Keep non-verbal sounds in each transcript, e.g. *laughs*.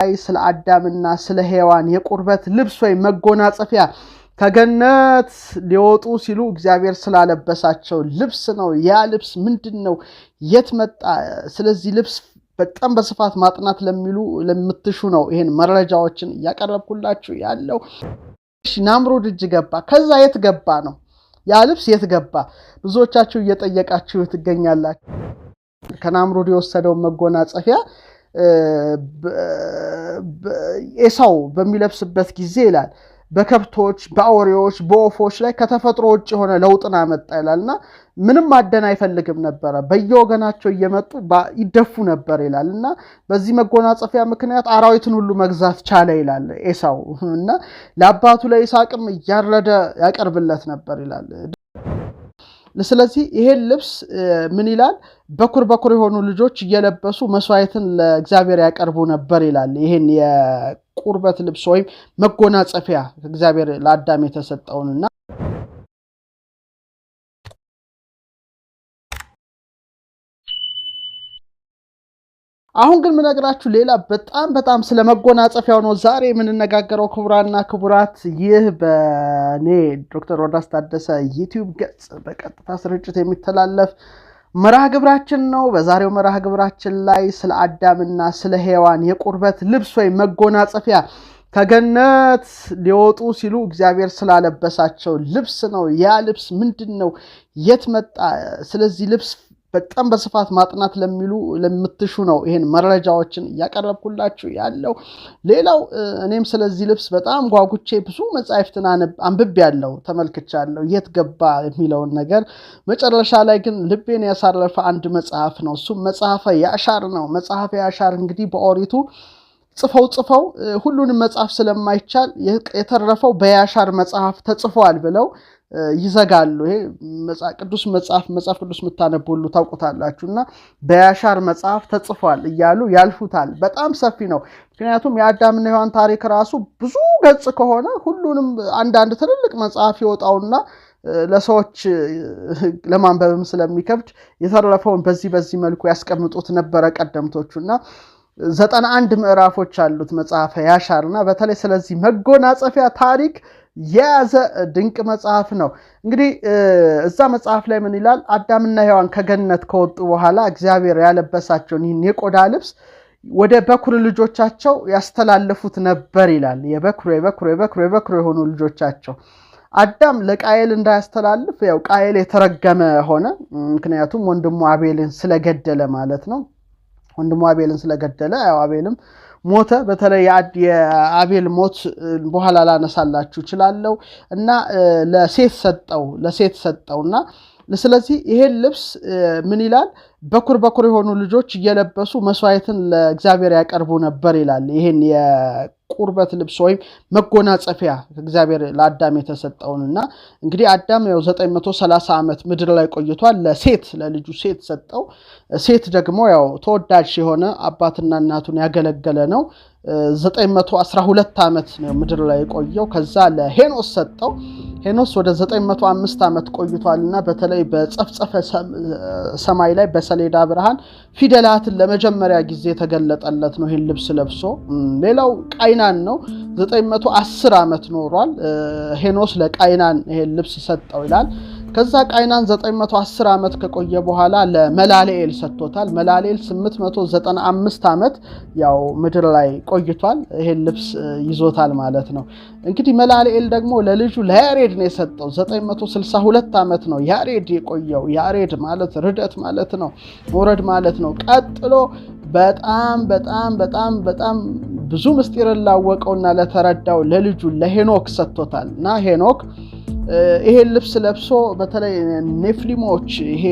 ላይ ስለ አዳምና ስለ ሔዋን የቁርበት ልብስ ወይም መጎናጸፊያ ከገነት ሊወጡ ሲሉ እግዚአብሔር ስላለበሳቸው ልብስ ነው። ያ ልብስ ምንድን ነው? የት መጣ? ስለዚህ ልብስ በጣም በስፋት ማጥናት ለሚሉ ለምትሹ ነው ይሄን መረጃዎችን እያቀረብኩላችሁ ያለው። ናምሩድ እጅ ገባ። ከዛ የት ገባ ነው ያ ልብስ የት ገባ? ብዙዎቻችሁ እየጠየቃችሁ ትገኛላችሁ። ከናምሩድ የወሰደውን መጎናጸፊያ ኤሳው በሚለብስበት ጊዜ ይላል በከብቶች፣ በአውሬዎች፣ በወፎች ላይ ከተፈጥሮ ውጭ የሆነ ለውጥን አመጣ ይላል እና ምንም ማደን አይፈልግም ነበረ። በየወገናቸው እየመጡ ይደፉ ነበር ይላል እና በዚህ መጎናጸፊያ ምክንያት አራዊትን ሁሉ መግዛት ቻለ ይላል ኤሳው እና ለአባቱ ለይስሐቅም እያረደ ያቀርብለት ነበር ይላል። ስለዚህ ይሄን ልብስ ምን ይላል? በኩር በኩር የሆኑ ልጆች እየለበሱ መስዋየትን ለእግዚአብሔር ያቀርቡ ነበር ይላል። ይሄን የቁርበት ልብስ ወይም መጎናጸፊያ እግዚአብሔር ለአዳም የተሰጠውንና አሁን ግን ምነግራችሁ ሌላ በጣም በጣም ስለ መጎናጸፊያው ነው ዛሬ የምንነጋገረው። ክቡራና ክቡራት፣ ይህ በእኔ ዶክተር ወዳስ ታደሰ ዩቲዩብ ገጽ በቀጥታ ስርጭት የሚተላለፍ መርሃ ግብራችን ነው። በዛሬው መርሃ ግብራችን ላይ ስለ አዳምና ስለ ሔዋን የቁርበት ልብስ ወይም መጎናጸፊያ ከገነት ሊወጡ ሲሉ እግዚአብሔር ስላለበሳቸው ልብስ ነው። ያ ልብስ ምንድን ነው? የት መጣ? ስለዚህ ልብስ በጣም በስፋት ማጥናት ለሚሉ ለምትሹ ነው ይሄን መረጃዎችን እያቀረብኩላችሁ ያለው። ሌላው እኔም ስለዚህ ልብስ በጣም ጓጉቼ ብዙ መጽሐፍትን አንብቤ ያለው ተመልክቻለሁ፣ የት ገባ የሚለውን ነገር። መጨረሻ ላይ ግን ልቤን ያሳረፈ አንድ መጽሐፍ ነው። እሱም መጽሐፈ ያሻር ነው። መጽሐፈ ያሻር እንግዲህ በኦሪቱ ጽፈው ጽፈው ሁሉንም መጽሐፍ ስለማይቻል የተረፈው በያሻር መጽሐፍ ተጽፏል ብለው ይዘጋሉ። ይሄ ቅዱስ መጽሐፍ መጽሐፍ ቅዱስ የምታነቡሉ ታውቁታላችሁ። እና በያሻር መጽሐፍ ተጽፏል እያሉ ያልፉታል። በጣም ሰፊ ነው። ምክንያቱም የአዳምና ሔዋን ታሪክ ራሱ ብዙ ገጽ ከሆነ ሁሉንም አንዳንድ ትልልቅ መጽሐፍ ይወጣውና ለሰዎች ለማንበብም ስለሚከብድ የተረፈውን በዚህ በዚህ መልኩ ያስቀምጡት ነበረ ቀደምቶቹ እና ዘጠና አንድ ምዕራፎች አሉት መጽሐፈ ያሻር እና በተለይ ስለዚህ መጎናጸፊያ ታሪክ የያዘ ድንቅ መጽሐፍ ነው። እንግዲህ እዛ መጽሐፍ ላይ ምን ይላል? አዳምና ሔዋን ከገነት ከወጡ በኋላ እግዚአብሔር ያለበሳቸውን ይህን የቆዳ ልብስ ወደ በኩር ልጆቻቸው ያስተላለፉት ነበር ይላል። የበኩር የበኩር የበኩር የበኩር የሆኑ ልጆቻቸው አዳም ለቃየል እንዳያስተላልፍ፣ ያው ቃየል የተረገመ ሆነ። ምክንያቱም ወንድሙ አቤልን ስለገደለ ማለት ነው። ወንድሙ አቤልን ስለገደለ ያው አቤልም ሞተ። በተለይ የአቤል ሞት በኋላ ላነሳላችሁ እችላለሁ እና ለሴት ሰጠው ለሴት ሰጠው እና ስለዚህ ይሄን ልብስ ምን ይላል በኩር በኩር የሆኑ ልጆች እየለበሱ መስዋዕትን ለእግዚአብሔር ያቀርቡ ነበር ይላል። ይህን የቁርበት ልብስ ወይም መጎናጸፊያ እግዚአብሔር ለአዳም እና እንግዲህ አዳም ያው 930 ዓመት ምድር ላይ ቆይቷል። ለሴት ለልጁ ሴት ሰጠው። ሴት ደግሞ ያው ተወዳጅ የሆነ አባትና እናቱን ያገለገለ ነው። 912 ዓመት ነው ምድር ላይ የቆየው። ከዛ ለሄኖስ ሰጠው። ሄኖስ ወደ 905 ዓመት ቆይቷልና በተለይ በጸፍጸፈ ሰማይ ላይ በሰሌዳ ብርሃን ፊደላትን ለመጀመሪያ ጊዜ የተገለጠለት ነው ይህን ልብስ ለብሶ። ሌላው ቃይናን ነው። 910 ዓመት ኖሯል ሄኖስ ለቃይናን ይህን ልብስ ሰጠው ይላል። ከዛ ቃይናን 910 ዓመት ከቆየ በኋላ ለመላልኤል ሰጥቶታል። መላልኤል 895 ዓመት ያው ምድር ላይ ቆይቷል። ይሄን ልብስ ይዞታል ማለት ነው። እንግዲህ መላልኤል ደግሞ ለልጁ ለያሬድ ነው የሰጠው። 962 ዓመት ነው ያሬድ የቆየው። ያሬድ ማለት ርደት ማለት ነው፣ መውረድ ማለት ነው። ቀጥሎ በጣም በጣም በጣም በጣም ብዙ ምስጢር ላወቀውና ለተረዳው ለልጁ ለሄኖክ ሰጥቶታል እና ሄኖክ ይሄን ልብስ ለብሶ በተለይ ኔፍሊሞች ይሄ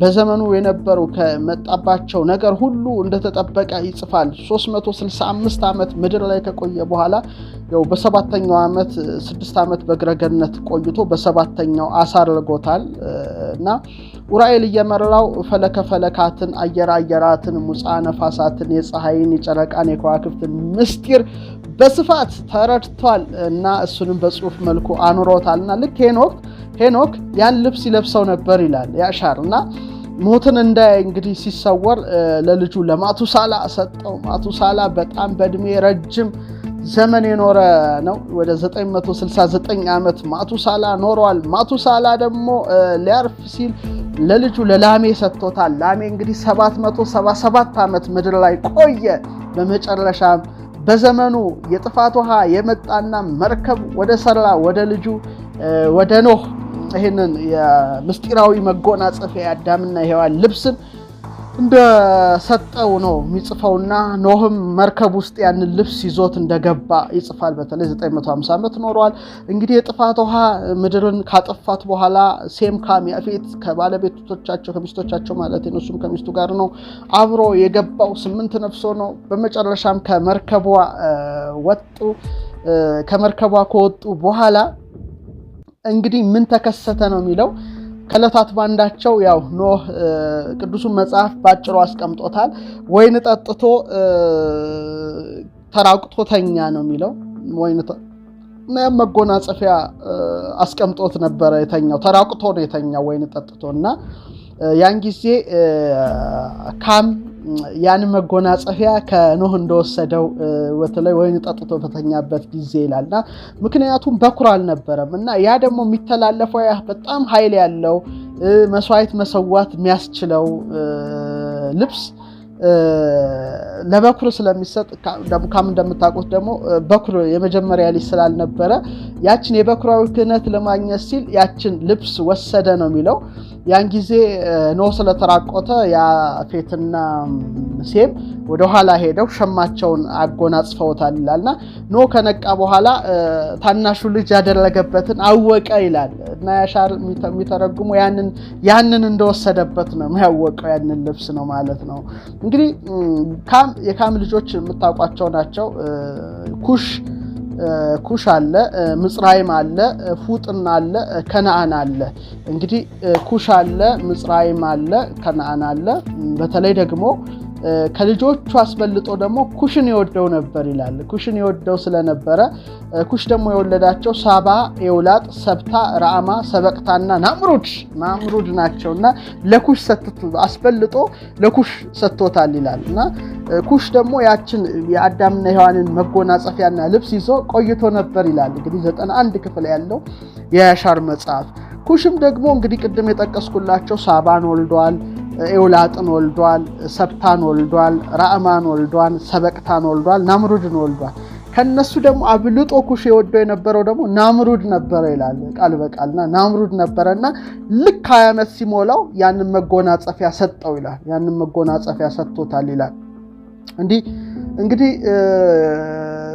በዘመኑ የነበሩ ከመጣባቸው ነገር ሁሉ እንደተጠበቀ ይጽፋል። 365 ዓመት ምድር ላይ ከቆየ በኋላ ው በሰባተኛው ዓመት ስድስት ዓመት በግረገነት ቆይቶ በሰባተኛው አሳርጎታል እና ኡራኤል እየመራው ፈለከ ፈለካትን፣ አየር አየራትን፣ ሙፃ ነፋሳትን፣ የፀሐይን፣ የጨረቃን፣ የከዋክብትን ምስጢር በስፋት ተረድቷል እና እሱንም በጽሁፍ መልኩ አኑሮታል እና ልክ ይህን ወቅት ሄኖክ ያን ልብስ ይለብሰው ነበር ይላል ያሻር እና ሞትን እንዳያይ እንግዲህ ሲሰወር ለልጁ ለማቱሳላ ሰጠው። ማቱሳላ በጣም በእድሜ ረጅም ዘመን የኖረ ነው። ወደ 969 ዓመት ማቱሳላ ኖረዋል። ማቱሳላ ደግሞ ሊያርፍ ሲል ለልጁ ለላሜ ሰጥቶታል። ላሜ እንግዲህ 777 ዓመት ምድር ላይ ቆየ። በመጨረሻም በዘመኑ የጥፋት ውሃ የመጣና መርከብ ወደ ሰራ ወደ ልጁ ወደ ኖህ ይህንን የምስጢራዊ መጎናጸፊያ የአዳምና የሔዋን ልብስን እንደሰጠው ነው የሚጽፈውና ኖህም መርከብ ውስጥ ያንን ልብስ ይዞት እንደገባ ይጽፋል። በተለይ 950 ዓመት ኖረዋል። እንግዲህ የጥፋት ውሃ ምድርን ካጠፋት በኋላ ሴም ካም ያፌት ከባለቤቶቻቸው ከሚስቶቻቸው ማለት እሱም ከሚስቱ ጋር ነው አብሮ የገባው ስምንት ነፍሶ ነው። በመጨረሻም ከመርከቧ ወጡ። ከመርከቧ ከወጡ በኋላ እንግዲህ ምን ተከሰተ ነው የሚለው ከለታት ባንዳቸው ያው ኖህ ቅዱሱን መጽሐፍ ባጭሩ አስቀምጦታል። ወይን ጠጥቶ ተራቁቶተኛ ነው የሚለው። ወይን መጎናጸፊያ አስቀምጦት ነበረ የተኛው፣ ተራቁቶ ነው የተኛው ወይን ጠጥቶ እና ያን ጊዜ ካም ያን መጎናጸፊያ ከኖህ እንደወሰደው በተለይ ወይን ጠጥቶ በተኛበት ጊዜ ይላልና ምክንያቱም በኩር አልነበረም እና ያ ደግሞ የሚተላለፈው ያ በጣም ኃይል ያለው መስዋዕት መሰዋት የሚያስችለው ልብስ ለበኩር ስለሚሰጥ ካም እንደምታውቁት ደግሞ በኩር የመጀመሪያ ልጅ ስላልነበረ ያችን የበኩራዊ ክህነት ለማግኘት ሲል ያችን ልብስ ወሰደ ነው የሚለው ያን ጊዜ ኖ ስለተራቆተ ያፌትና ሴም ወደኋላ ሄደው ሸማቸውን አጎናጽፈውታል ይላልና ኖ ከነቃ በኋላ ታናሹ ልጅ ያደረገበትን አወቀ ይላል እና ያሻር የሚተረጉሙ ያንን እንደወሰደበት ነው የሚያወቀው ያንን ልብስ ነው ማለት ነው። እንግዲህ የካም ልጆች የምታውቋቸው ናቸው ኩሽ ኩሽ አለ፣ ምጽራይም አለ፣ ፉጥን አለ፣ ከነአን አለ። እንግዲህ ኩሽ አለ፣ ምጽራይም አለ፣ ከነአን አለ። በተለይ ደግሞ ከልጆቹ አስበልጦ ደግሞ ኩሽን የወደው ነበር ይላል። ኩሽን የወደው ስለነበረ ኩሽ ደግሞ የወለዳቸው ሳባ፣ ኤውላጥ፣ ሰብታ፣ ራአማ፣ ሰበቅታና ናምሩድ ናምሩድ ናቸው እና ለኩሽ አስበልጦ ለኩሽ ሰጥቶታል ይላል እና ኩሽ ደግሞ ያችን የአዳምና ሔዋንን መጎናፀፊያና ልብስ ይዞ ቆይቶ ነበር ይላል። እንግዲህ ዘጠና አንድ ክፍል ያለው የያሻር መጽሐፍ ኩሽም ደግሞ እንግዲህ ቅድም የጠቀስኩላቸው ሳባን ወልደዋል። ኤውላጥን ወልዷል፣ ሰብታን ወልዷል፣ ራእማን ወልዷል፣ ሰበቅታን ወልዷል፣ ናምሩድን ወልዷል። ከነሱ ደግሞ አብልጦ ኩሽ የወደው የነበረው ደግሞ ናምሩድ ነበረ ይላል ቃል በቃልና ናምሩድ ነበረና ልክ ሀያ ዓመት ሲሞላው ያንን መጎናጸፊያ ሰጠው ይላል። ያንን መጎናጸፊያ ሰጥቶታል ይላል። እንዲህ እንግዲህ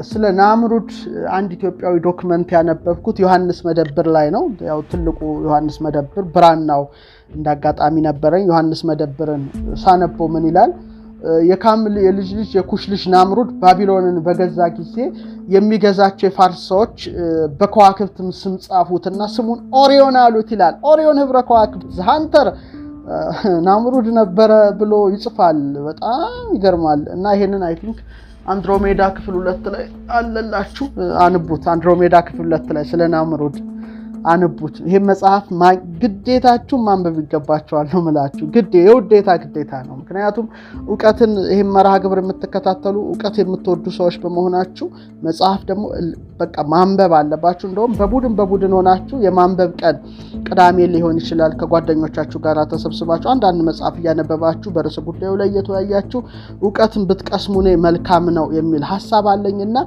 ስለ ናምሩድ አንድ ኢትዮጵያዊ ዶክመንት ያነበብኩት ዮሐንስ መደብር ላይ ነው። ያው ትልቁ ዮሐንስ መደብር ብራናው እንደ አጋጣሚ ነበረኝ። ዮሐንስ መደብርን ሳነበው ምን ይላል? የካምል የልጅ ልጅ የኩሽ ልጅ ናምሩድ ባቢሎንን በገዛ ጊዜ የሚገዛቸው የፋርስ ሰዎች በከዋክብትም ስም ጻፉትና ስሙን ኦሪዮን አሉት ይላል። ኦሪዮን ህብረ ከዋክብት ዘሀንተር ናምሩድ ነበረ ብሎ ይጽፋል። በጣም ይገርማል። እና ይሄንን አይ ቲንክ አንድሮሜዳ ክፍል ሁለት ላይ አለላችሁ፣ አንቡት። አንድሮሜዳ ክፍል ሁለት ላይ ስለ ናምሩድ አንቡት። ይህ መጽሐፍ ግዴታችሁ ማንበብ ይገባቸዋል ነው ምላችሁ። የውዴታ ግዴታ ነው። ምክንያቱም እውቀትን ይህ መርሃ ግብር የምትከታተሉ እውቀት የምትወዱ ሰዎች በመሆናችሁ መጽሐፍ ደግሞ በቃ ማንበብ አለባችሁ። እንደውም በቡድን በቡድን ሆናችሁ የማንበብ ቀን ቅዳሜ ሊሆን ይችላል። ከጓደኞቻችሁ ጋር ተሰብስባችሁ አንዳንድ መጽሐፍ እያነበባችሁ በርዕሰ ጉዳዩ ላይ እየተወያያችሁ እውቀትን ብትቀስሙ መልካም ነው የሚል ሀሳብ አለኝና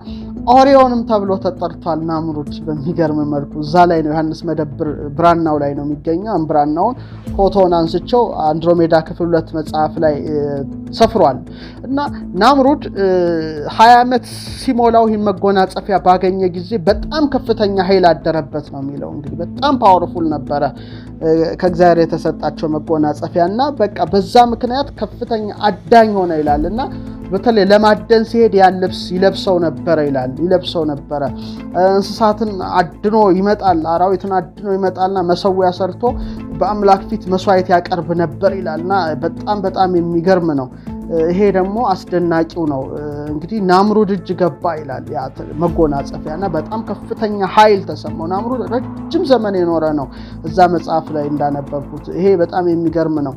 ኦሪዮንም ተብሎ ተጠርቷል። ናምሩድ በሚገርም መልኩ እዛ ላይ ነው ዮሐንስ መደብር ብራናው ላይ ነው የሚገኘው። አንብራናውን ፎቶን አንስቸው አንድሮሜዳ ክፍል ሁለት መጽሐፍ ላይ ሰፍሯል። እና ናምሩድ ሀያ ዓመት ሲሞላው ይህ መጎናጸፊያ ባገኘ ጊዜ በጣም ከፍተኛ ኃይል አደረበት ነው የሚለው። እንግዲህ በጣም ፓወርፉል ነበረ ከእግዚአብሔር የተሰጣቸው መጎናጸፊያ እና በቃ በዛ ምክንያት ከፍተኛ አዳኝ ሆነ ይላል እና በተለይ ለማደን ሲሄድ ያን ልብስ ይለብሰው ነበረ ይላል። ይለብሰው ነበረ። እንስሳትን አድኖ ይመጣል፣ አራዊትን አድኖ ይመጣልና መሰዊያ ሰርቶ በአምላክ ፊት መስዋዕት ያቀርብ ነበር ይላልና በጣም በጣም የሚገርም ነው። ይሄ ደግሞ አስደናቂው ነው። እንግዲህ ናምሩድ እጅ ገባ ይላል እና በጣም ከፍተኛ ኃይል ተሰማው። ናምሩድ ረጅም ዘመን የኖረ ነው እዛ መጽሐፍ ላይ እንዳነበብኩት። ይሄ በጣም የሚገርም ነው።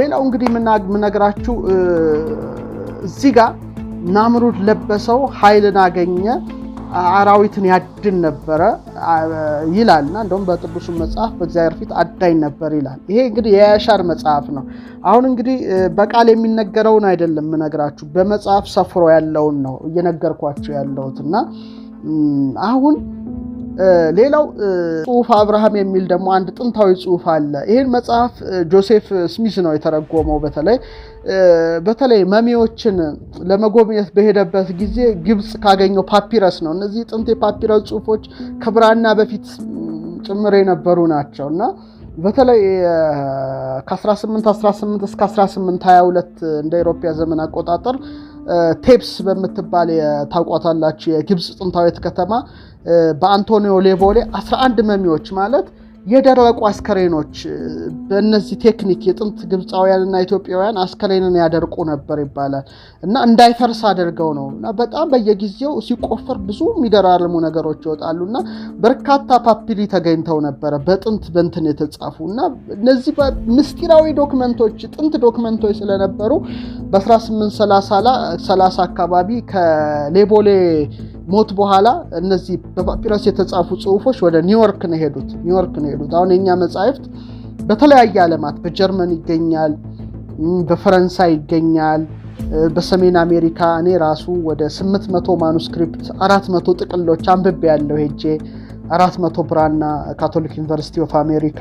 ሌላው እንግዲህ የምነግራችሁ እዚህ ጋር ናምሩድ ለበሰው ኃይልን አገኘ አራዊትን ያድን ነበረ ይላልና እንደውም በቅዱሱ መጽሐፍ በእግዚአብሔር ፊት አዳኝ ነበር ይላል። ይሄ እንግዲህ የያሻር መጽሐፍ ነው። አሁን እንግዲህ በቃል የሚነገረውን አይደለም የምነግራችሁ፣ በመጽሐፍ ሰፍሮ ያለውን ነው እየነገርኳቸው ያለሁት እና አሁን ሌላው ጽሁፍ አብርሃም የሚል ደግሞ አንድ ጥንታዊ ጽሁፍ አለ። ይህን መጽሐፍ ጆሴፍ ስሚዝ ነው የተረጎመው። በተለይ በተለይ መሚዎችን ለመጎብኘት በሄደበት ጊዜ ግብፅ ካገኘው ፓፒረስ ነው። እነዚህ ጥንት የፓፒረስ ጽሁፎች ከብራና በፊት ጭምር የነበሩ ናቸው እና በተለይ ከ1818 እስከ 1822 እንደ ኢሮፓ ዘመን አቆጣጠር ቴፕስ በምትባል ታውቋታላችሁ የግብፅ ጥንታዊት ከተማ በአንቶኒዮ ሌቮሌ 11 መሚዎች ማለት የደረቁ አስከሬኖች በእነዚህ ቴክኒክ የጥንት ግብፃውያንና ኢትዮጵያውያን አስከሬንን ያደርቁ ነበር ይባላል እና እንዳይፈርስ አድርገው ነው እና በጣም በየጊዜው ሲቆፈር ብዙ የሚደራርሙ ነገሮች ይወጣሉ እና በርካታ ፓፒሊ ተገኝተው ነበረ በጥንት በንትን የተጻፉ እና እነዚህ ምስጢራዊ ዶክመንቶች ጥንት ዶክመንቶች ስለነበሩ በ1830 አካባቢ ከሌቦሌ ሞት በኋላ እነዚህ በፓፒረስ የተጻፉ ጽሁፎች ወደ ኒውዮርክ ነው ሄዱት ኒውዮርክ ነው ሄዱት። አሁን የእኛ መጽሐፍት በተለያየ ዓለማት በጀርመን ይገኛል፣ በፈረንሳይ ይገኛል፣ በሰሜን አሜሪካ እኔ ራሱ ወደ 800 ማኑስክሪፕት 400 ጥቅሎች አንብቤ ያለው ሄጄ 400 ብራና ካቶሊክ ዩኒቨርሲቲ ኦፍ አሜሪካ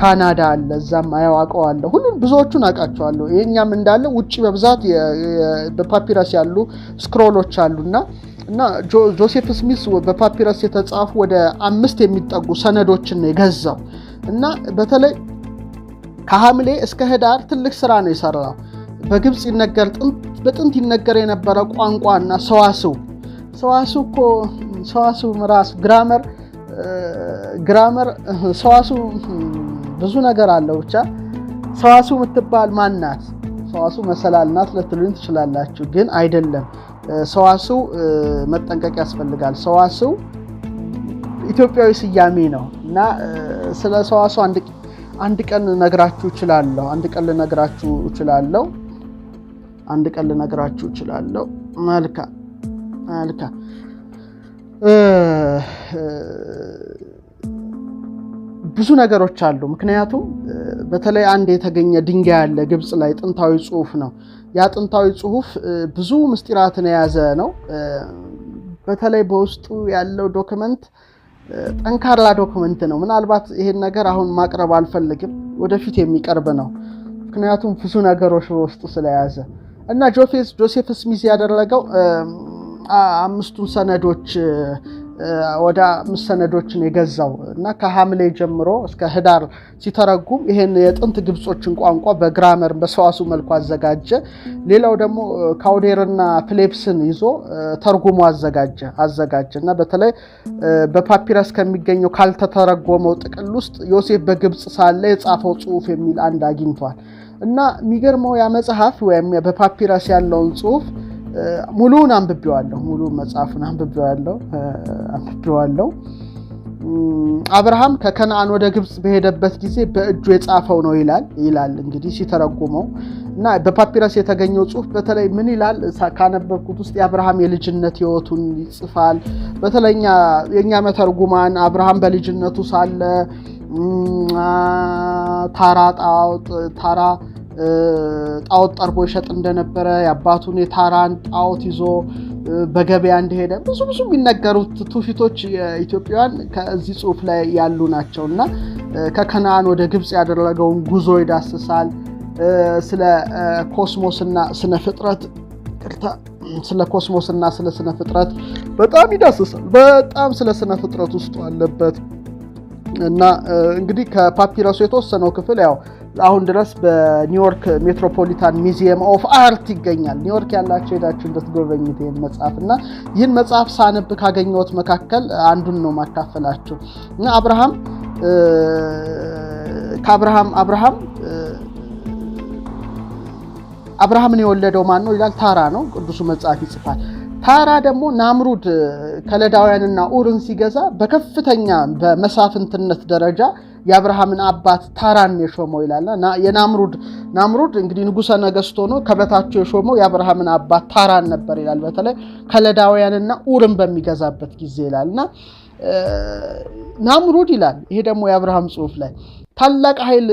ካናዳ አለ፣ እዛም አያዋቀዋለሁ። ሁሉም ብዙዎቹን አውቃቸዋለሁ። ይህኛም እንዳለ ውጭ በብዛት በፓፒረስ ያሉ ስክሮሎች አሉና እና ጆሴፍ ስሚስ በፓፒረስ የተጻፉ ወደ አምስት የሚጠጉ ሰነዶችን ነው የገዛው እና በተለይ ከሐምሌ እስከ ህዳር ትልቅ ስራ ነው የሰራው። በግብፅ ይነገር በጥንት ይነገር የነበረ ቋንቋና ሰዋስው ሰዋስው እኮ ሰዋስው ራስ ግራመር ግራመር ሰዋስው ብዙ ነገር አለው። ብቻ ሰዋስው የምትባል ማን ናት? ሰዋስው መሰላል ናት ልትሉኝ ትችላላችሁ፣ ግን አይደለም። ሰዋስው መጠንቀቅ ያስፈልጋል። ሰዋስው ኢትዮጵያዊ ስያሜ ነው እና ስለ ሰዋስው አንድ ቀን ነግራችሁ እችላለሁ። አንድ ቀን ልነግራችሁ እችላለሁ። አንድ ቀን ልነግራችሁ እችላለሁ። መልካ መልካም። ብዙ ነገሮች አሉ። ምክንያቱም በተለይ አንድ የተገኘ ድንጋይ አለ ግብፅ ላይ ጥንታዊ ጽሁፍ ነው። የአጥንታዊ ጽሁፍ ብዙ ምስጢራትን የያዘ ነው። በተለይ በውስጡ ያለው ዶክመንት ጠንካራ ዶክመንት ነው። ምናልባት ይሄን ነገር አሁን ማቅረብ አልፈልግም፣ ወደፊት የሚቀርብ ነው። ምክንያቱም ብዙ ነገሮች በውስጡ ስለያዘ እና ጆሴፍ ስሚዝ ያደረገው አምስቱን ሰነዶች ወደ አምስት ሰነዶችን የገዛው እና ከሐምሌ ጀምሮ እስከ ህዳር ሲተረጉም ይሄን የጥንት ግብጾችን ቋንቋ በግራመር በሰዋሱ መልኩ አዘጋጀ። ሌላው ደግሞ ካውዴርና ፍሌፕስን ይዞ ተርጉሞ አዘጋጀ አዘጋጀ እና በተለይ በፓፒረስ ከሚገኘው ካልተተረጎመው ጥቅል ውስጥ ዮሴፍ በግብፅ ሳለ የጻፈው ጽሁፍ የሚል አንድ አግኝቷል እና የሚገርመው ያ መጽሐፍ ወይም በፓፒረስ ያለውን ጽሁፍ ሙሉን አንብቤዋለሁ። ሙሉ መጽሐፉን አንብቤዋለሁ አብርሃም ከከነአን ወደ ግብፅ በሄደበት ጊዜ በእጁ የጻፈው ነው ይላል ይላል እንግዲህ ሲተረጉመው እና በፓፒረስ የተገኘው ጽሁፍ በተለይ ምን ይላል ካነበብኩት ውስጥ የአብርሃም የልጅነት ህይወቱን ይጽፋል። በተለይ የእኛ መተርጉማን አብርሃም በልጅነቱ ሳለ ታራ ጣዖት ጠርቦ ይሸጥ እንደነበረ የአባቱን የታራን ጣዖት ይዞ በገበያ እንደሄደ ብዙ ብዙ የሚነገሩት ትውፊቶች የኢትዮጵያውያን ከዚህ ጽሁፍ ላይ ያሉ ናቸው እና ከከነአን ወደ ግብፅ ያደረገውን ጉዞ ይዳስሳል። ስለ ኮስሞስና ስነ ፍጥረት ስለ እና ስለ ስነ ፍጥረት በጣም ይዳስሳል። በጣም ስለ ስነ ፍጥረት ውስጡ አለበት እና እንግዲህ ከፓፒረሱ የተወሰነው ክፍል ያው አሁን ድረስ በኒውዮርክ ሜትሮፖሊታን ሚዚየም ኦፍ አርት ይገኛል። ኒውዮርክ ያላቸው ሄዳችሁ ልትጎበኙት ይህን መጽሐፍ እና ይህን መጽሐፍ ሳነብ ካገኘሁት መካከል አንዱን ነው ማካፈላችሁ እና አብርሃም ከአብርሃም አብርሃም አብርሃምን የወለደው ማን ነው ይላል። ታራ ነው ቅዱሱ መጽሐፍ ይጽፋል። ታራ ደግሞ ናምሩድ ከለዳውያንና ኡርን ሲገዛ በከፍተኛ በመሳፍንትነት ደረጃ የአብርሃምን አባት ታራን የሾመው ይላልና የናምሩድ ናምሩድ እንግዲህ ንጉሰ ነገሥት ሆኖ ከበታቸው የሾመው የአብርሃምን አባት ታራን ነበር ይላል። በተለይ ከለዳውያንና ኡርን በሚገዛበት ጊዜ ይላልና ናምሩድ ይላል። ይሄ ደግሞ የአብርሃም ጽሑፍ ላይ ታላቅ ኃይል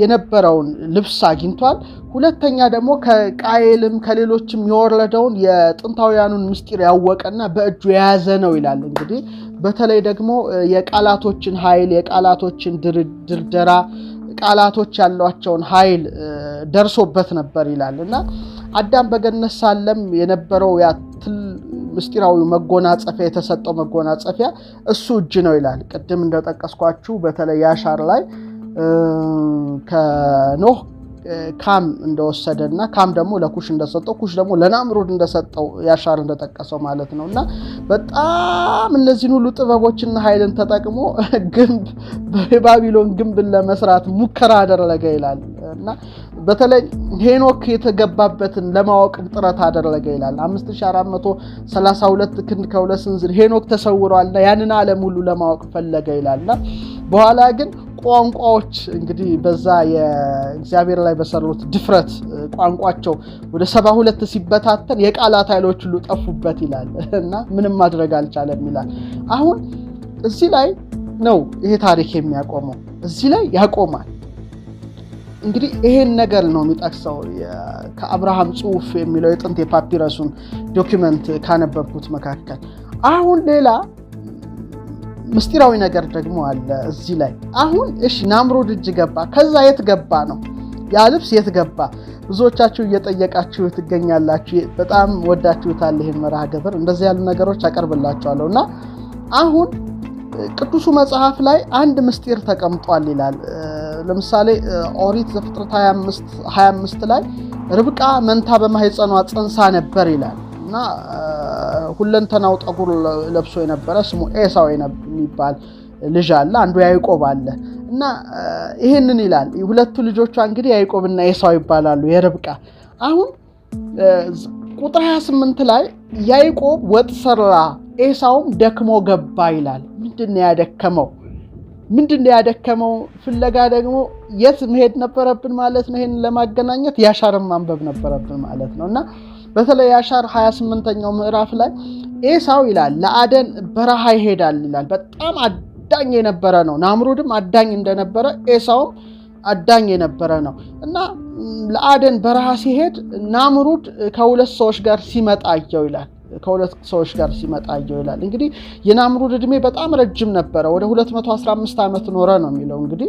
የነበረውን ልብስ አግኝቷል። ሁለተኛ ደግሞ ከቃየልም ከሌሎችም የወረደውን የጥንታውያኑን ምስጢር ያወቀና በእጁ የያዘ ነው ይላል። እንግዲህ በተለይ ደግሞ የቃላቶችን ኃይል የቃላቶችን ድርደራ ቃላቶች ያሏቸውን ኃይል ደርሶበት ነበር ይላል እና አዳም በገነት ሳለም የነበረው ያትል ምስጢራዊ መጎናጸፊያ የተሰጠው መጎናጸፊያ እሱ እጅ ነው ይላል። ቅድም እንደጠቀስኳችሁ በተለይ ያሻር ላይ ከኖህ ካም እንደወሰደ እና ካም ደግሞ ለኩሽ እንደሰጠው ኩሽ ደግሞ ለናምሩድ እንደሰጠው ያሻር እንደጠቀሰው ማለት ነው እና በጣም እነዚህን ሁሉ ጥበቦችና ኃይልን ተጠቅሞ *laughs* ግንብ የባቢሎን ግንብን ለመስራት ሙከራ አደረገ ይላል እና በተለይ ሄኖክ የተገባበትን ለማወቅ ጥረት አደረገ ይላል። 5432 ክንድ ከሁለት ስንዝር ሄኖክ ተሰውሯልና ያንን አለም ሁሉ ለማወቅ ፈለገ ይላልና በኋላ ግን ቋንቋዎች እንግዲህ በዛ የእግዚአብሔር ላይ በሰሩት ድፍረት ቋንቋቸው ወደ ሰባ ሁለት ሲበታተን የቃላት ኃይሎች ሁሉ ጠፉበት ይላል እና ምንም ማድረግ አልቻለም ይላል። አሁን እዚህ ላይ ነው ይሄ ታሪክ የሚያቆመው፣ እዚህ ላይ ያቆማል። እንግዲህ ይሄን ነገር ነው የሚጠቅሰው ከአብርሃም ጽሁፍ የሚለው የጥንት የፓፒረሱን ዶኪመንት ካነበብኩት መካከል አሁን ሌላ ምስጢራዊ ነገር ደግሞ አለ እዚህ ላይ አሁን። እሺ ናምሩድ እጅ ገባ፣ ከዛ የት ገባ ነው ያ ልብስ የት ገባ? ብዙዎቻችሁ እየጠየቃችሁ ትገኛላችሁ። በጣም ወዳችሁታል ይህን መርሃ ግብር። እንደዚህ ያሉ ነገሮች አቀርብላችኋለሁ እና አሁን ቅዱሱ መጽሐፍ ላይ አንድ ምስጢር ተቀምጧል ይላል። ለምሳሌ ኦሪት ዘፍጥረት 25 ላይ ርብቃ መንታ በማይጸኗ ፀንሳ ነበር ይላል እና ሁለንተናው ጠጉር ለብሶ የነበረ ስሙ ኤሳው የሚባል ልጅ አለ፣ አንዱ ያይቆብ አለ እና ይህንን ይላል። ሁለቱ ልጆቿ እንግዲህ ያይቆብና ኤሳው ይባላሉ የርብቃ አሁን ቁጥር 28 ላይ ያይቆብ ወጥ ሰራ፣ ኤሳውም ደክሞ ገባ ይላል። ምንድን ያደከመው? ምንድን ያደከመው ፍለጋ ደግሞ የት መሄድ ነበረብን ማለት ነው። ይህን ለማገናኘት ያሻርን ማንበብ ነበረብን ማለት ነው እና በተለይ የአሻር 28ኛው ምዕራፍ ላይ ኤሳው ይላል ለአደን በረሃ ይሄዳል ይላል። በጣም አዳኝ የነበረ ነው። ናምሩድም አዳኝ እንደነበረ ኤሳውም አዳኝ የነበረ ነው እና ለአደን በረሃ ሲሄድ ናምሩድ ከሁለት ሰዎች ጋር ሲመጣ አየው ይላል ከሁለት ሰዎች ጋር ሲመጣ አየው ይላል። እንግዲህ የናምሩድ እድሜ በጣም ረጅም ነበረ። ወደ 215 ዓመት ኖረ ነው የሚለው። እንግዲህ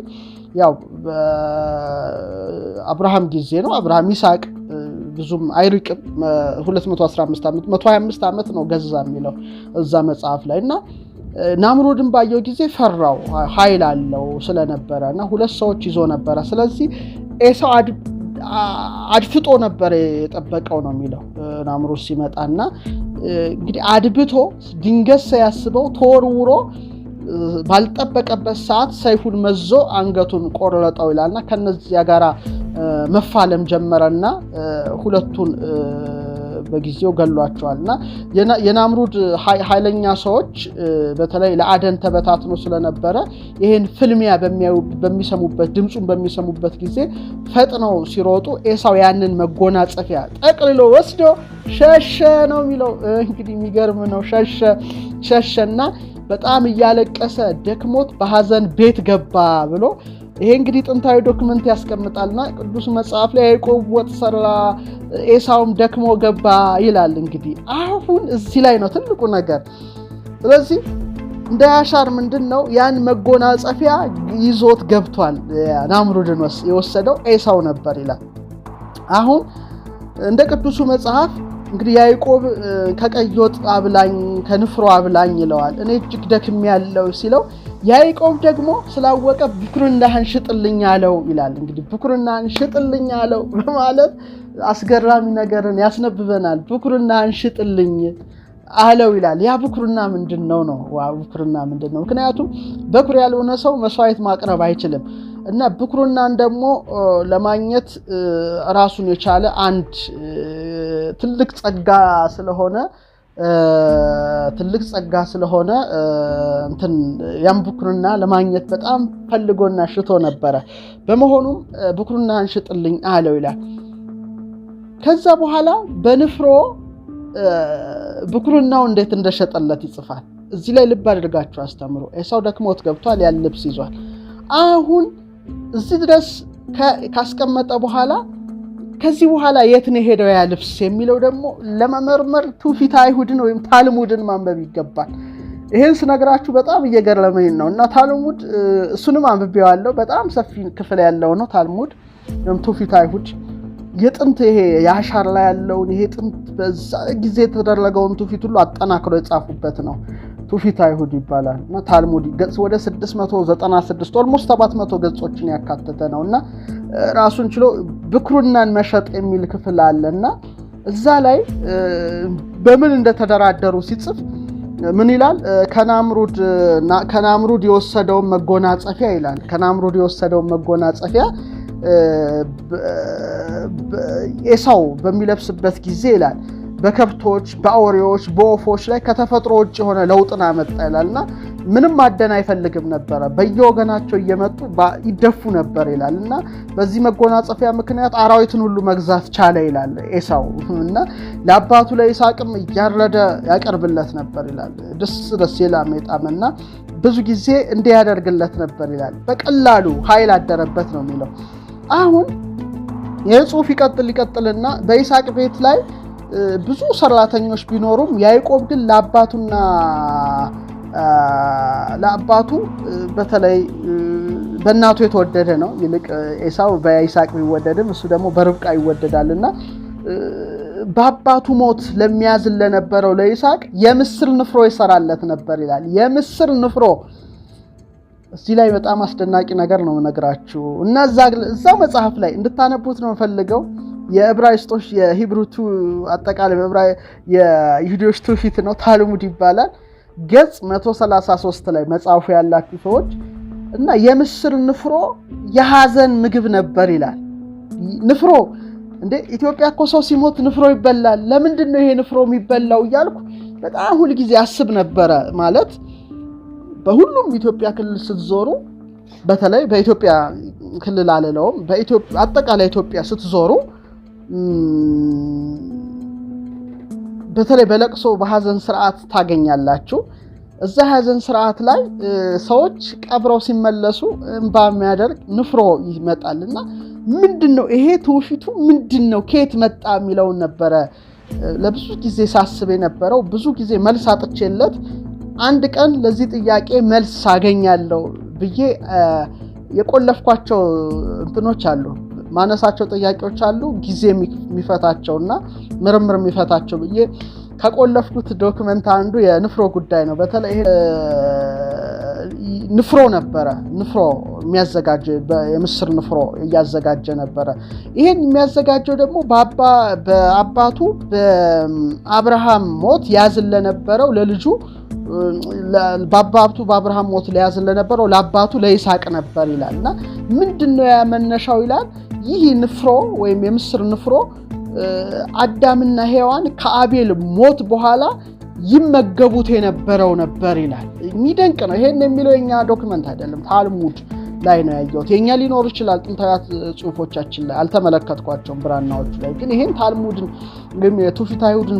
ያው በአብርሃም ጊዜ ነው። አብርሃም ይስሐቅ ብዙም አይርቅም 215 ዓመት ዓመት ነው ገዛ የሚለው እዛ መጽሐፍ ላይ እና ናምሩድን ባየው ጊዜ ፈራው። ሀይል አለው ስለነበረ እና ሁለት ሰዎች ይዞ ነበረ። ስለዚህ ኤሳው አድፍጦ ነበረ የጠበቀው ነው የሚለው ናምሩድ እና እንግዲህ አድብቶ ድንገት ሳያስበው ተወርውሮ ባልጠበቀበት ሰዓት ሰይፉን መዞ አንገቱን ቆረጠው ይላልና ከነዚያ ጋር መፋለም ጀመረና ሁለቱን በጊዜው ገሏቸዋል እና የናምሩድ ኃይለኛ ሰዎች በተለይ ለአደን ተበታትኖ ስለነበረ ይህን ፍልሚያ በሚሰሙበት ድምፁን በሚሰሙበት ጊዜ ፈጥነው ሲሮጡ ኤሳው ያንን መጎናጸፊያ ጠቅልሎ ወስዶ ሸሸ ነው የሚለው። እንግዲህ የሚገርም ነው። ሸሸ ሸሸና በጣም እያለቀሰ ደክሞት በሐዘን ቤት ገባ ብሎ ይሄ እንግዲህ ጥንታዊ ዶክመንት ያስቀምጣልና ቅዱስ መጽሐፍ ላይ ያዕቆብ ወጥ ሰራ፣ ኤሳውም ደክሞ ገባ ይላል። እንግዲህ አሁን እዚህ ላይ ነው ትልቁ ነገር። ስለዚህ እንደ ያሻር ምንድን ነው ያን መጎናጸፊያ ይዞት ገብቷል። ናምሩድን የወሰደው ኤሳው ነበር ይላል። አሁን እንደ ቅዱሱ መጽሐፍ እንግዲህ ያዕቆብ ከቀይ ወጥ አብላኝ፣ ከንፍሮ አብላኝ ይለዋል። እኔ እጅግ ደክም ያለው ሲለው ያዕቆብ ደግሞ ስላወቀ ብኩርናህን ሽጥልኝ አለው ይላል። እንግዲህ ብኩርናህን ሽጥልኝ አለው *laughs* በማለት አስገራሚ ነገርን ያስነብበናል። ብኩርናህን ሽጥልኝ አለው ይላል። ያ ብኩርና ምንድን ነው ነው ብኩርና ምንድን ነው? ምክንያቱም በኩር ያልሆነ ሰው መስዋዕት ማቅረብ አይችልም። እና ብኩርናን ደግሞ ለማግኘት ራሱን የቻለ አንድ ትልቅ ጸጋ ስለሆነ ትልቅ ጸጋ ስለሆነ እንትን ያን ብኩርና ለማግኘት በጣም ፈልጎና ሽቶ ነበረ። በመሆኑም ብኩርናን ሽጥልኝ አለው ይላል። ከዛ በኋላ በንፍሮ ብኩርናው እንዴት እንደሸጠለት ይጽፋል። እዚህ ላይ ልብ አድርጋችሁ አስተምሮ ኤሳው ደክሞት ገብቷል። ያን ልብስ ይዟል አሁን እዚህ ድረስ ካስቀመጠ በኋላ ከዚህ በኋላ የት ነው ሄደው ያ ልብስ የሚለው ደግሞ ለመመርመር ትውፊተ አይሁድን ወይም ታልሙድን ማንበብ ይገባል። ይህን ስነግራችሁ በጣም እየገረመኝ ነው እና ታልሙድ እሱንም አንብቤዋለሁ። በጣም ሰፊ ክፍል ያለው ነው ታልሙድ ወይም ትውፊተ አይሁድ የጥንት ይሄ የአሻር ላይ ያለውን ይሄ ጥንት በዛ ጊዜ የተደረገውን ትውፊት ሁሉ አጠናክሮ የጻፉበት ነው። ትውፊት አይሁድ ይባላል እና ታልሙድ ገጽ ወደ 696 ኦልሞስት 700 ገጾችን ያካተተ ነው እና ራሱን ችሎ ብኩርናን መሸጥ የሚል ክፍል አለ እና እዛ ላይ በምን እንደተደራደሩ ሲጽፍ ምን ይላል? ከናምሩድ የወሰደውን መጎናጸፊያ ይላል። ከናምሩድ የወሰደውን መጎናጸፊያ ኤሳው በሚለብስበት ጊዜ ይላል በከብቶች፣ በአውሬዎች፣ በወፎች ላይ ከተፈጥሮ ውጭ የሆነ ለውጥን አመጣ ይላል እና ምንም ማደን አይፈልግም ነበረ። በየወገናቸው እየመጡ ይደፉ ነበር ይላል እና በዚህ መጎናጸፊያ ምክንያት አራዊትን ሁሉ መግዛት ቻለ ይላል ኤሳው እና ለአባቱ ለይስሐቅም እያረደ ያቀርብለት ነበር ይላል። ደስ ደስ ይላል በጣም እና ብዙ ጊዜ እንዲህ ያደርግለት ነበር ይላል። በቀላሉ ኃይል አደረበት ነው የሚለው። አሁን ይህ ጽሑፍ ይቀጥል ይቀጥልና በይስሐቅ ቤት ላይ ብዙ ሰራተኞች ቢኖሩም ያዕቆብ ግን ለአባቱና ለአባቱ በተለይ በእናቱ የተወደደ ነው። ይልቅ ኤሳው በይስቅ ቢወደድም እሱ ደግሞ በርብቃ ይወደዳልና በአባቱ ሞት ለሚያዝን ለነበረው ለይስቅ የምስር ንፍሮ ይሰራለት ነበር ይላል። የምስር ንፍሮ እዚህ ላይ በጣም አስደናቂ ነገር ነው ነግራችሁ እና እዛው መጽሐፍ ላይ እንድታነቡት ነው የምፈልገው። የዕብራይስጦች የሂብሩቱ አጠቃላይ መብራይ የይሁዲዎች ትውፊት ነው፣ ታልሙድ ይባላል። ገጽ 133 ላይ መጽሐፉ ያላችሁ ሰዎች እና የምስር ንፍሮ የሐዘን ምግብ ነበር ይላል። ንፍሮ እንዴ ኢትዮጵያ እኮ ሰው ሲሞት ንፍሮ ይበላል። ለምንድን ነው ይሄ ንፍሮ የሚበላው እያልኩ በጣም ሁልጊዜ አስብ ነበረ። ማለት በሁሉም ኢትዮጵያ ክልል ስትዞሩ፣ በተለይ በኢትዮጵያ ክልል አልለውም፣ አጠቃላይ ኢትዮጵያ ስትዞሩ በተለይ በለቅሶ በሀዘን ስርዓት ታገኛላችሁ። እዛ ሀዘን ስርዓት ላይ ሰዎች ቀብረው ሲመለሱ እንባ የሚያደርግ ንፍሮ ይመጣል እና ምንድን ነው ይሄ ትውፊቱ ምንድን ነው ከየት መጣ የሚለውን ነበረ ለብዙ ጊዜ ሳስብ የነበረው። ብዙ ጊዜ መልስ አጥቼለት አንድ ቀን ለዚህ ጥያቄ መልስ አገኛለሁ ብዬ የቆለፍኳቸው እንትኖች አሉ ማነሳቸው ጥያቄዎች አሉ ጊዜ የሚፈታቸው እና ምርምር የሚፈታቸው ብዬ ከቆለፍኩት ዶክመንት አንዱ የንፍሮ ጉዳይ ነው። በተለይ ንፍሮ ነበረ ንፍሮ የሚያዘጋጀ የምስር ንፍሮ እያዘጋጀ ነበረ። ይህን የሚያዘጋጀው ደግሞ በአባቱ በአብርሃም ሞት ያዝን ለነበረው ለልጁ በአባቱ በአብርሃም ሞት ለያዝ ለነበረው ለአባቱ ለይስሐቅ ነበር ይላል እና ምንድን ነው ያ ይላል። ይህ ንፍሮ ወይም የምስር ንፍሮ አዳምና ሔዋን ከአቤል ሞት በኋላ ይመገቡት የነበረው ነበር ይላል። የሚደንቅ ነው። ይሄን የሚለው የኛ ዶክመንት አይደለም፣ ታልሙድ ላይ ነው ያየሁት። የኛ ሊኖር ይችላል፣ ጥንታዊት ጽሁፎቻችን ላይ አልተመለከትኳቸውም፣ ብራናዎቹ ላይ ግን ይሄን ታልሙድን የትውፊት አይሁድን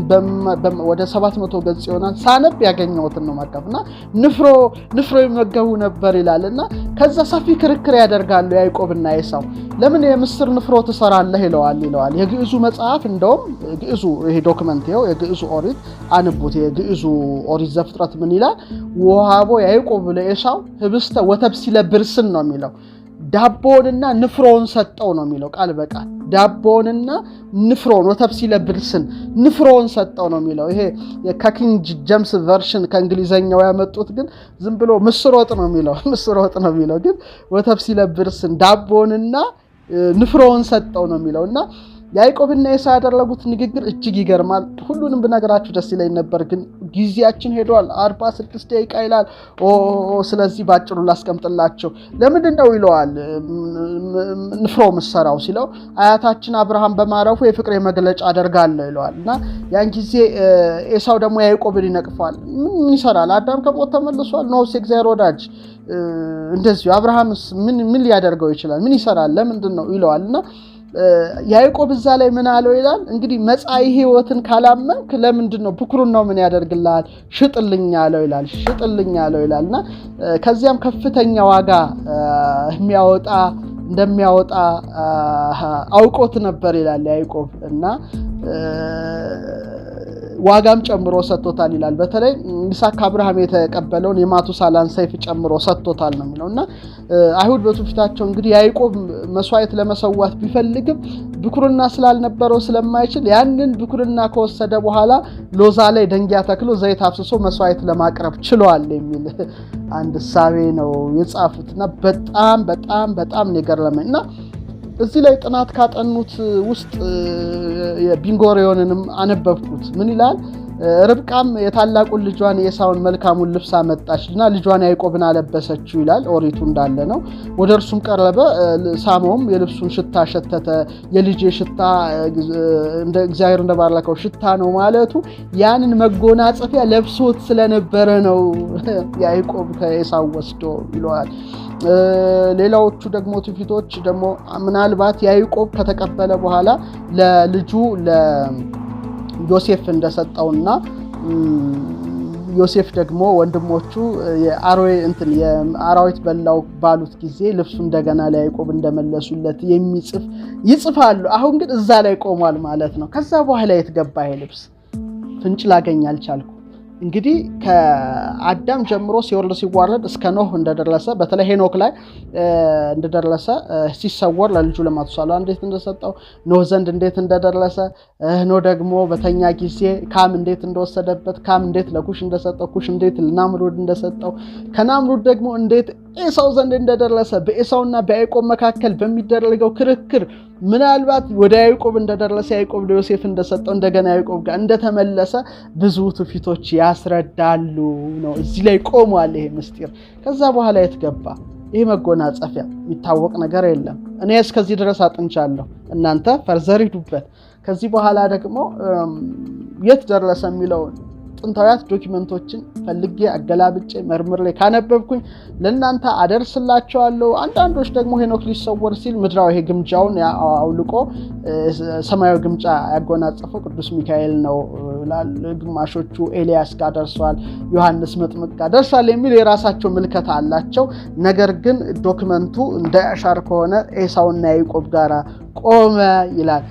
ወደ 700 ገጽ ይሆናል ሳነብ ያገኘሁትን ነው ማቀፍ እና ንፍሮ ንፍሮ ይመገቡ ነበር ይላል እና ከዛ ሰፊ ክርክር ያደርጋሉ ያይቆብና ኤሳው። ለምን የምስር ንፍሮ ትሰራለህ ይለዋል ይለዋል። የግዕዙ መጽሐፍ እንደውም ግዕዙ ይሄ ዶክመንት ው የግዕዙ ኦሪት አንቡት። የግዕዙ ኦሪት ዘፍጥረት ምን ይላል? ውሃቦ ያይቆብ ለኤሳው ህብስተ ወተብሲለ ብርስን ነው የሚለው ዳቦውንና ንፍሮውን ሰጠው ነው የሚለው ቃል በቃል ዳቦውንና ንፍሮውን ወተብሲለ ብልስን ንፍሮውን ሰጠው ነው የሚለው። ይሄ ከኪንግ ጀምስ ቨርሽን ከእንግሊዘኛው ያመጡት ግን ዝም ብሎ ምስር ወጥ ነው የሚለው *laughs* ምስር ወጥ ነው የሚለው ግን ወተብሲለ ብልስን ዳቦውንና ንፍሮውን ሰጠው ነው የሚለው እና ያዕቆብና ኤሳ ያደረጉት ንግግር እጅግ ይገርማል። ሁሉንም ብነገራችሁ ደስ ይለኝ ነበር፣ ግን ጊዜያችን ሄዷል። አርባ ስድስት ደቂቃ ይላል። ስለዚህ ባጭሩ ላስቀምጥላቸው። ለምንድን ነው ይለዋል ንፍሮ ምሰራው ሲለው አያታችን አብርሃም በማረፉ የፍቅር መግለጫ አደርጋለሁ ይለዋል። እና ያን ጊዜ ኤሳው ደግሞ ያዕቆብን ይነቅፋል። ምን ይሰራል? አዳም ከሞት ተመልሷል። ኖስ የእግዚአብሔር ወዳጅ እንደዚሁ አብርሃምስ ምን ሊያደርገው ይችላል? ምን ይሰራል? ለምንድን ነው ይለዋል እና ያዕቆብ እዛ ላይ ምን አለው ይላል እንግዲህ መጻኢ ህይወትን ካላመንክ ለምንድን ነው ነው ምን ያደርግልሃል? ሽጥልኝ አለው ይላል። ሽጥልኝ አለው ይላል እና ከዚያም ከፍተኛ ዋጋ የሚያወጣ እንደሚያወጣ አውቆት ነበር ይላል ያዕቆብ እና ዋጋም ጨምሮ ሰጥቶታል ይላል። በተለይ ይስሐቅ አብርሃም የተቀበለውን የማቱሳላን ሰይፍ ጨምሮ ሰጥቶታል ነው የሚለው እና አይሁድ በትውፊታቸው እንግዲህ ያዕቆብ መስዋዕት ለመሰዋት ቢፈልግም ብኩርና ስላልነበረው ስለማይችል ያንን ብኩርና ከወሰደ በኋላ ሎዛ ላይ ደንጊያ ተክሎ ዘይት አፍስሶ መስዋዕት ለማቅረብ ችለዋል የሚል አንድ እሳቤ ነው የጻፉት እና በጣም በጣም በጣም ነገር የገረመኝ እና እዚህ ላይ ጥናት ካጠኑት ውስጥ የቢንጎሪዮንንም አነበብኩት። ምን ይላል? ርብቃም የታላቁን ልጇን የሳውን መልካሙን ልብስ አመጣች እና ልጇን ያዕቆብን አለበሰችው ይላል ኦሪቱ እንዳለ ነው። ወደ እርሱም ቀረበ፣ ሳመውም፣ የልብሱን ሽታ ሸተተ። የልጅ ሽታ እግዚአብሔር እንደባረከው ሽታ ነው ማለቱ ያንን መጎናጸፊያ ለብሶት ስለነበረ ነው *laughs* ያዕቆብ ከኤሳው ወስዶ ይለዋል። ሌላዎቹ ደግሞ ትፊቶች ደግሞ ምናልባት ያይቆብ ከተቀበለ በኋላ ለልጁ ለዮሴፍ እንደሰጠውና ዮሴፍ ደግሞ ወንድሞቹ አራዊት በላው ባሉት ጊዜ ልብሱ እንደገና ለያዕቆብ እንደመለሱለት የሚጽፍ ይጽፋሉ። አሁን ግን እዛ ላይ ቆሟል ማለት ነው። ከዛ በኋላ የት ልብስ? ፍንጭ ላገኝ አልቻልኩም። እንግዲህ ከአዳም ጀምሮ ሲወልድ ሲዋረድ እስከ ኖህ እንደደረሰ በተለይ ሄኖክ ላይ እንደደረሰ ሲሰወር ለልጁ ለማቱሳላ እንዴት እንደሰጠው ኖህ ዘንድ እንዴት እንደደረሰ ኖ ደግሞ በተኛ ጊዜ ካም እንዴት እንደወሰደበት ካም እንዴት ለኩሽ እንደሰጠው ኩሽ እንዴት ለናምሩድ እንደሰጠው ከናምሩድ ደግሞ እንዴት ኤሳው ዘንድ እንደደረሰ በኤሳውና በያዕቆብ መካከል በሚደረገው ክርክር ምናልባት ወደ ያዕቆብ እንደደረሰ ያዕቆብ ለዮሴፍ እንደሰጠው እንደገና ያዕቆብ ጋር እንደተመለሰ ብዙ ትውፊቶች ያስረዳሉ ነው። እዚህ ላይ ቆሟል ይሄ ምስጢር። ከዛ በኋላ የት ገባ? ይህ መጎናጸፊያ የሚታወቅ ነገር የለም። እኔ እስከዚህ ድረስ አጥንቻለሁ፣ እናንተ ፈርዘር ሂዱበት። ከዚህ በኋላ ደግሞ የት ደረሰ የሚለውን ጥንታውያት ዶኪመንቶችን ፈልጌ አገላብጬ ላይ ካነበብኩኝ ለእናንተ አደርስላቸዋለሁ። አንዳንዶች ደግሞ ሄኖክ ሊሰወር ሲል ምድራዊ ይሄ ግምጃውን አውልቆ ሰማያዊ ግምጃ ያጎናጸፈው ቅዱስ ሚካኤል ነው ግማሾቹ ኤልያስ ጋር ደርሷል፣ ዮሐንስ መጥምቅ ጋር ደርሷል የሚል የራሳቸው ምልከት አላቸው። ነገር ግን ዶክመንቱ እንደ አሻር ከሆነ ኤሳውና ያዕቆብ ጋር ቆመ ይላል።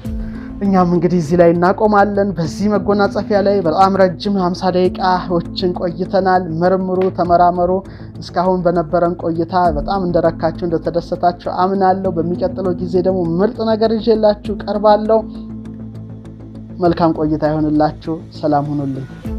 እኛም እንግዲህ እዚህ ላይ እናቆማለን። በዚህ መጎናጸፊያ ላይ በጣም ረጅም 50 ደቂቃዎችን ቆይተናል። ምርምሩ ተመራመሩ። እስካሁን በነበረን ቆይታ በጣም እንደረካችሁ እንደተደሰታችሁ አምናለሁ። በሚቀጥለው ጊዜ ደግሞ ምርጥ ነገር ይዤላችሁ ቀርባለሁ። መልካም ቆይታ ይሆንላችሁ። ሰላም ሁኑልኝ።